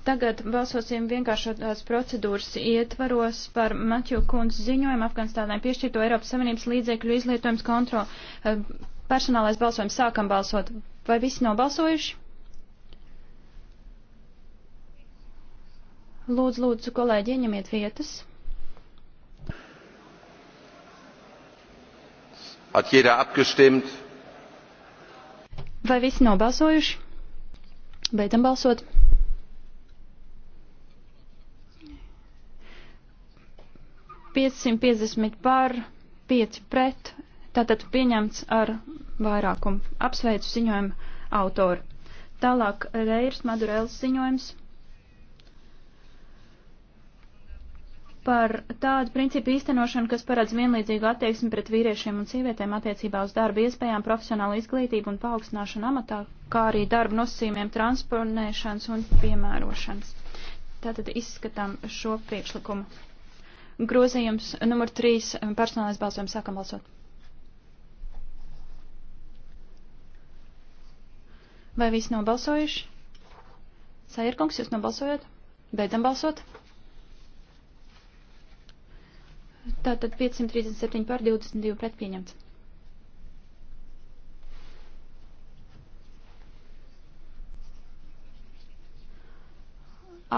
Tagad balsosim vienkāršotās procedūras ietvaros par Matju Kunz ziņojumu Afganistānai piešķirto Eiropas Savienības līdzekļu izlietojums kontroli. Eh, personālais balsojums sākam balsot. Vai visi nobalsojuši? Lūdzu, lūdzu, kolēģi, ieņemiet vietas. Hat jeder abgestimmt? Vai visi nobalsojuši? Beidzam balsot. 550 par, 5 pret, tātad pieņemts ar vairākumu. Apsveicu ziņojumu autoru. Tālāk Reirs Madurēls ziņojums par tādu principu īstenošanu, kas paredz vienlīdzīgu attieksmi pret vīriešiem un sievietēm attiecībā uz darba iespējām, profesionālu izglītību un paaugstināšanu amatā, kā arī darba nosacījumiem transponēšanas un piemērošanas. Tātad izskatām šo priekšlikumu. Grozījums numur 3 personālais balsojums sākam balsot. Vai visi nobalsojuši? Sairkungs, jūs nobalsojat? Beidzam balsot. Tātad 537 pār 22 pret pieņemts.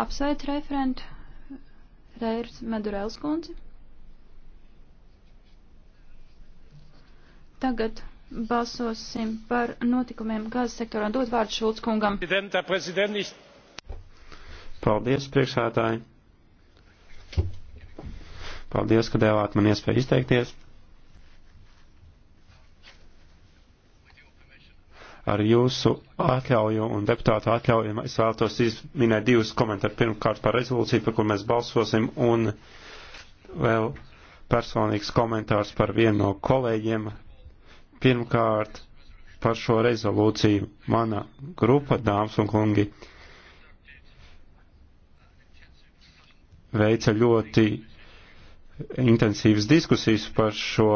Apsveic referentu. Rairs Medurēls kundze. Tagad balsosim par notikumiem gāzes sektorā. Dod vārdu Šulc kungam. Paldies, priekšsētāji. Paldies, ka devāt man iespēju izteikties. Ar jūsu atļauju un deputātu atļauju es vēlētos izminēt divus komentārus. Pirmkārt par rezolūciju, par kur mēs balsosim, un vēl personīgs komentārs par vienu no kolēģiem. Pirmkārt par šo rezolūciju mana grupa, dāmas un kungi, veica ļoti intensīvas diskusijas par šo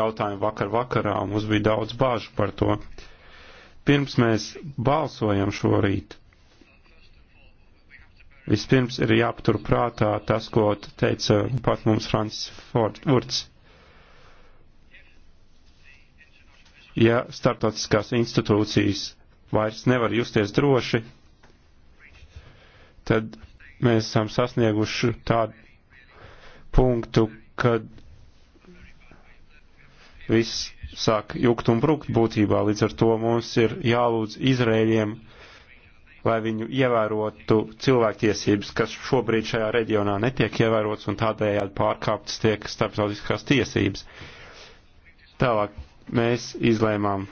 jautājumu vakar vakarā, un mums bija daudz bāžu par to. Uh, pirms mēs balsojam šorīt, vispirms ir jāpatur prātā tas, ko teica pat mums Francis Fords. Ja startautiskās institūcijas vairs nevar justies droši, tad mēs esam sasnieguši tādu punktu, kad viss sāk jukt un brukt būtībā. Līdz ar to mums ir jālūdz Izrēļiem, lai viņu ievērotu cilvēktiesības, kas šobrīd šajā reģionā netiek ievērots un tādējādi pārkāptas tiek starptautiskās tiesības. Tālāk mēs izlēmām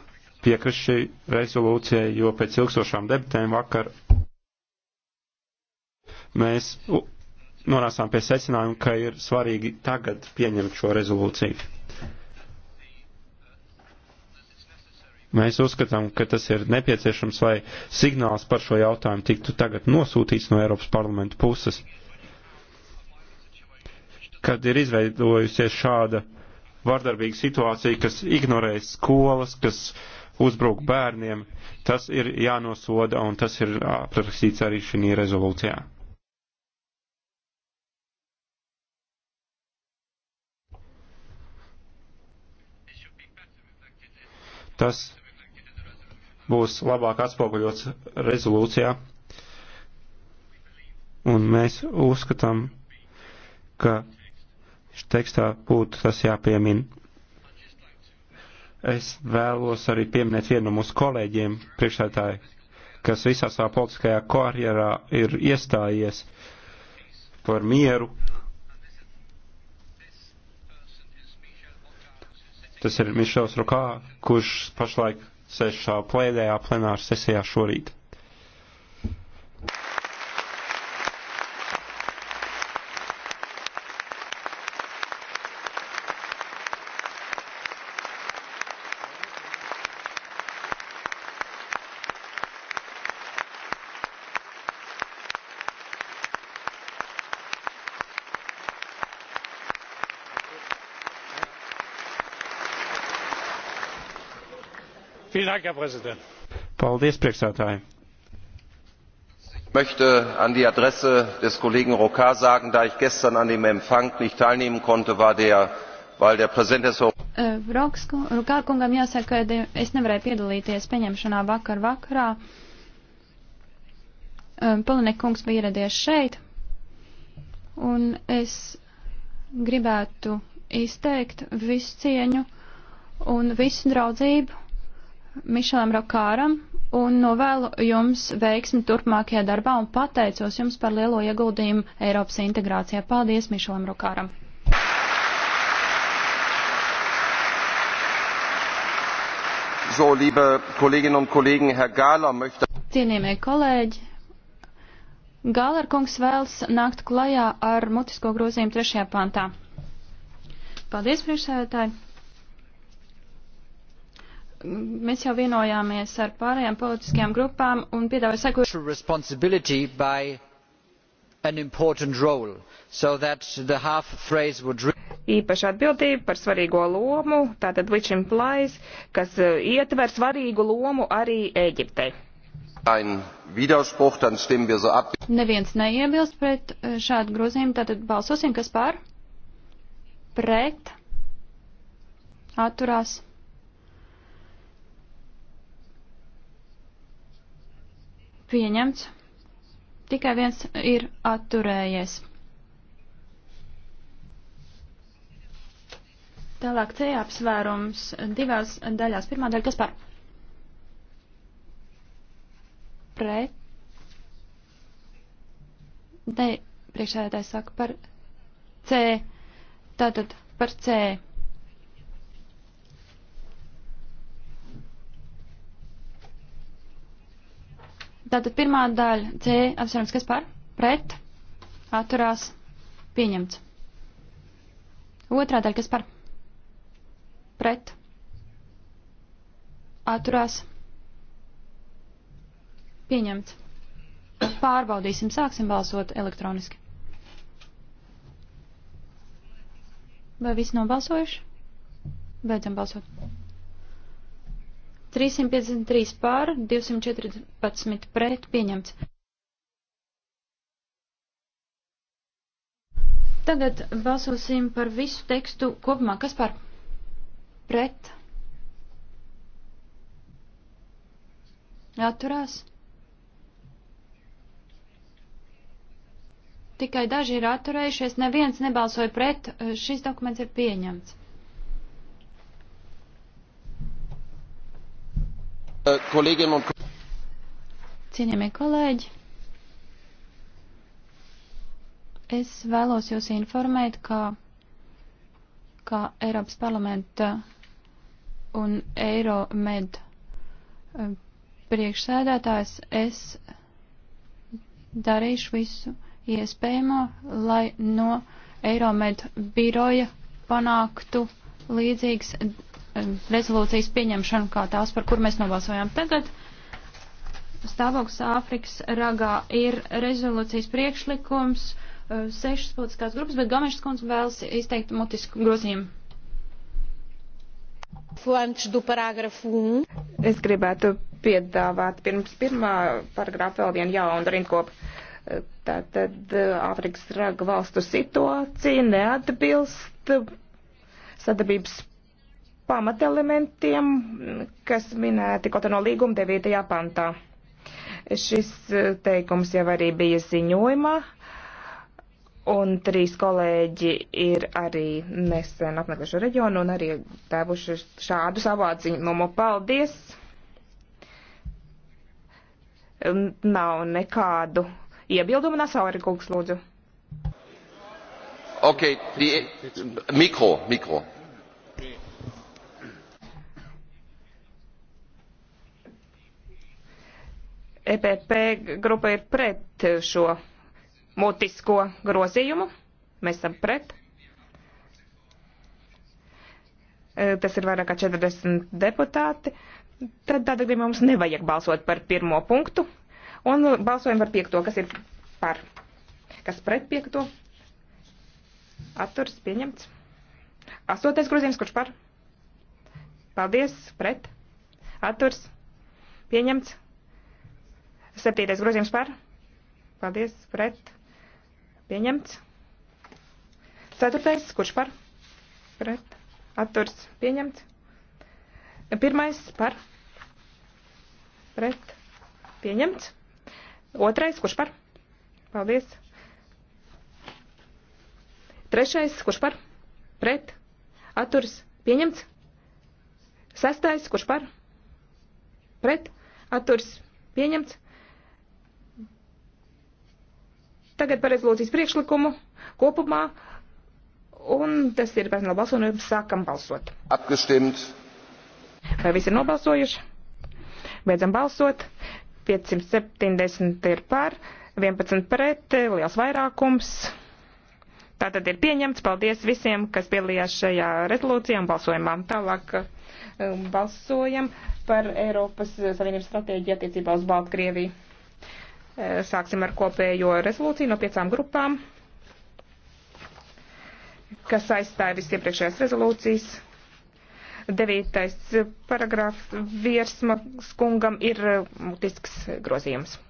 piekrist šī rezolūcija, jo pēc ilgstošām debatēm vakar mēs nonācām pie secinājuma, ka ir svarīgi tagad pieņemt šo rezolūciju. Mēs uzskatām, ka tas ir nepieciešams, lai signāls par šo jautājumu tiktu tagad nosūtīts no Eiropas parlamenta puses. Kad ir izveidojusies šāda vardarbīga situācija, kas ignorē skolas, kas uzbruk bērniem, tas ir jānosoda un tas ir aprakstīts arī šī rezolūcijā. Tas būs labāk atspoguļots rezolūcijā. Un mēs uzskatām, ka tekstā būtu tas jāpiemin. Es vēlos arī pieminēt vienu no mūsu kolēģiem, priekšsētāju, kas visā savā politiskajā karjerā ir iestājies par mieru. Tas ir Mišels Rukā, kurš pašlaik sešā plēdējā plenāra sesijā šorīt. Paldies, priekšsētāji! Ich möchte an die Adresse des Kollegen Rocard sagen, da ich gestern an dem Empfang nicht teilnehmen konnte, war der, weil der Präsident des äh, Rocard kungam jāsaka, ka es nevarēju piedalīties pieņemšanā vakar vakarā. Äh, Polinek kungs bija ieradies šeit, un es gribētu izteikt visu cieņu un visu draudzību Mišelam Rokāram un novēlu jums veiksmi turpmākajā darbā un pateicos jums par lielo ieguldījumu Eiropas integrācijā. Paldies Mišelam Rokāram! So, liebe Kolleginnen und Kollegen, Herr Gahler möchte. Cienījamie kolēģi, Gāler kungs vēlas nākt klajā ar mutisko grozījumu trešajā pantā. Paldies, priekšsēdētāji! Mēs jau vienojāmies ar pārējām politiskajām grupām un piedāvāju sekojuši īpaša atbildība par svarīgo lomu, tātad which implies, kas uh, ietver svarīgu lomu arī Ēģiptei. Neviens neiebilst pret uh, šādu grozījumu, tātad balsosim, kas pār? Pret? Atturās? pieņemts. Tikai viens ir atturējies. Tālāk C apsvērums divās daļās. Pirmā daļa, kas par pret. Ne, priekšsēdētājs saka par C. Tātad par C. Tātad pirmā daļa C apsvērums, kas par? Pret. Atturās. Pieņemts. Otrā daļa, kas par? Pret. Atturās. Pieņemts. Pārbaudīsim, sāksim balsot elektroniski. Vai visi nobalsojuši? Beidzam balsot. 353 pār, 214 pret pieņemts. Tagad balsosim par visu tekstu kopumā. Kas par pret? Atturās. Tikai daži ir atturējušies, neviens nebalsoja pret, šis dokuments ir pieņemts. Eh, Cienījamie kolēģi, es vēlos jūs informēt, ka, ka Eiropas parlamenta un Eiromed eh, priekšsēdētājs es darīšu visu iespējamo, lai no Eiromed biroja panāktu līdzīgs Um, rezolūcijas pieņemšanu, kā tās, par kur mēs nobalsojām tagad. Stāvoklis Āfrikas ragā ir rezolūcijas priekšlikums, uh, sešas politiskās grupas, bet Gomešs kundze vēlas izteikt mutisku grozījumu. Um. Es gribētu piedāvāt pirms pirmā paragrāfa vēl vienu jaunu rindkopu. Tātad uh, Āfrikas raga valstu situācija neatbilst sadarbības pamatelementiem, kas minēti kaut no līguma 9. pantā. Šis e, teikums jau arī bija ziņojumā, un trīs kolēģi ir arī nesen apmeklējuši reģionu un arī tēvuši šādu savu atziņumu. Paldies! Nav nekādu iebildumu, Nasauri kungs, lūdzu. Ok, die, mikro, mikro. EPP grupa ir pret šo mutisko grozījumu. Mēs esam pret. E, tas ir vairāk kā 40 deputāti. Tad tādā gadījumā mums nevajag balsot par pirmo punktu. Un balsojam par piekto, kas ir par. Kas pret piekto? Atturs pieņemts. Astotais grozījums, kurš par? Paldies, pret. Atturs pieņemts. Septītais grozījums par. Paldies, pret. Pieņemts. Ceturtais, kurš par? Pret. Atturs pieņemts. Pirmais par. Pret. Pieņemts. Otrais, kurš par? Paldies. Trešais, kurš par? Pret. Atturs pieņemts. Sestais, kurš par? Pret. Atturs pieņemts. Tagad par rezolūcijas priekšlikumu kopumā, un tas ir personāla balsojums, sākam balsot. Apgestimt. Vai visi ir nobalsojuši? Beidzam balsot. 570 ir par, 11 pret, liels vairākums. Tā tad ir pieņemts. Paldies visiem, kas piedalījās šajā rezolūcijā un balsojumā. Tālāk um, balsojam par Eiropas Savienības stratēģiju attiecībā uz Baltkrieviju. Sāksim ar kopējo rezolūciju no piecām grupām, kas aizstāja visu iepriekšējās rezolūcijas. Devītais paragrāfs viersma skungam ir mutisks grozījums.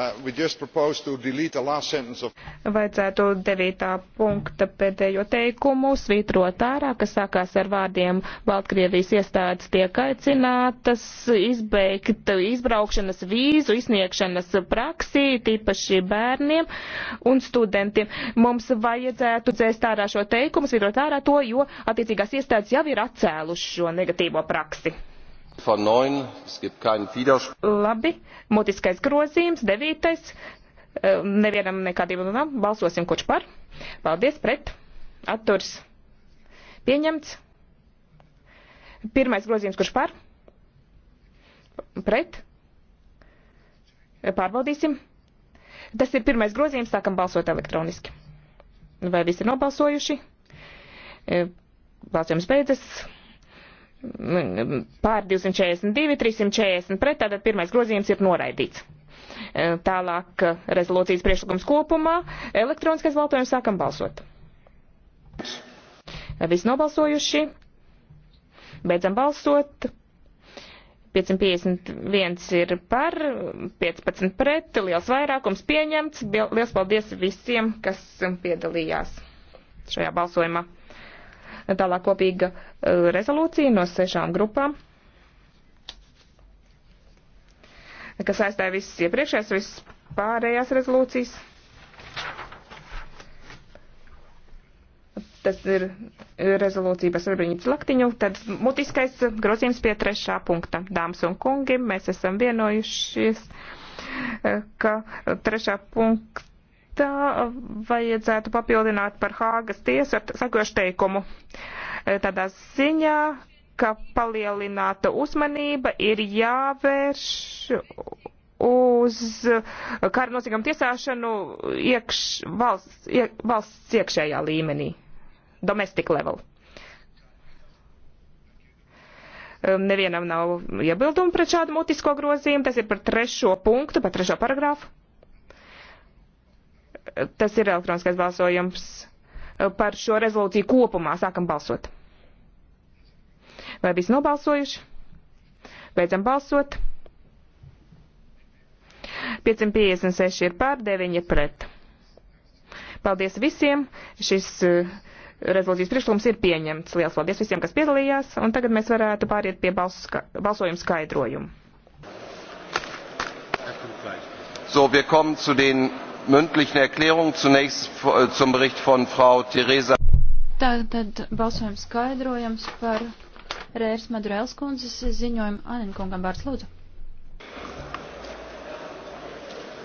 Uh, vajadzētu devītā punkta pēdējo teikumu svītrot ārā, kas sākās ar vārdiem Baltkrievijas iestādes tiek aicinātas izbeigt izbraukšanas vīzu izsniegšanas praksī, tīpaši bērniem un studentiem. Mums vajadzētu dzēst ārā šo teikumu, svītrot ārā to, jo attiecīgās iestādes jau ir atcēluši šo negatīvo praksi. Labi, mutiskais grozījums, devītais. Eh, nevienam nekādiem runām. Balsosim, kurš par. Paldies, pret. Atturs. Pieņemts. Pirmais grozījums, kurš par. Pret. Pārbaudīsim. Tas ir pirmais grozījums, sākam balsot elektroniski. Vai visi ir nobalsojuši? Eh, balsojums beidzas pār 242, 340 pret, tātad pirmais grozījums ir noraidīts. E, tālāk e, rezolūcijas priekšlikums kopumā, elektroniskais balsojums sākam balsot. Viss nobalsojuši, beidzam balsot. 551 ir par, 15 pret, liels vairākums pieņemts. Liels paldies visiem, kas piedalījās šajā balsojumā. Tālāk kopīga eh, rezolūcija no sešām grupām, kas aizstāja visas iepriekšējās, visas pārējās rezolūcijas. Tas ir rezolūcija par svarbiņu slaktiņu. Tad mutiskais grozījums pie trešā punkta. Dāmas un kungi, mēs esam vienojušies, eh, ka trešā punkta tekstā vajadzētu papildināt par Hāgas tiesu ar sakošu teikumu. Tādā ziņā, ka palielināta uzmanība ir jāvērš uz kara noziegam tiesāšanu iekš, valsts, iek, valsts iekšējā līmenī, domestic level. Nevienam nav iebildumu pret šādu mutisko grozījumu, tas ir par trešo punktu, par trešo paragrāfu. Tas ir elektroniskais balsojums eh, par šo rezolūciju kopumā. Sākam balsot. Vai visi nobalsojuši? Beidzam balsot. 556 ir pār, 9 ir pret. Paldies visiem. Šis eh, rezolūcijas priekšlikums ir pieņemts. Lielas paldies visiem, kas piedalījās. Un tagad mēs varētu pāriet pie balsu, ska balsojuma skaidrojumu. So, wir kommen zu den mündlichen Erklärung zunächst äh, zum Bericht von Frau Theresa. Tātad balsojums skaidrojams par Rērs Madurēls kundzes ziņojumu Aninkungam Bārts Lūdzu.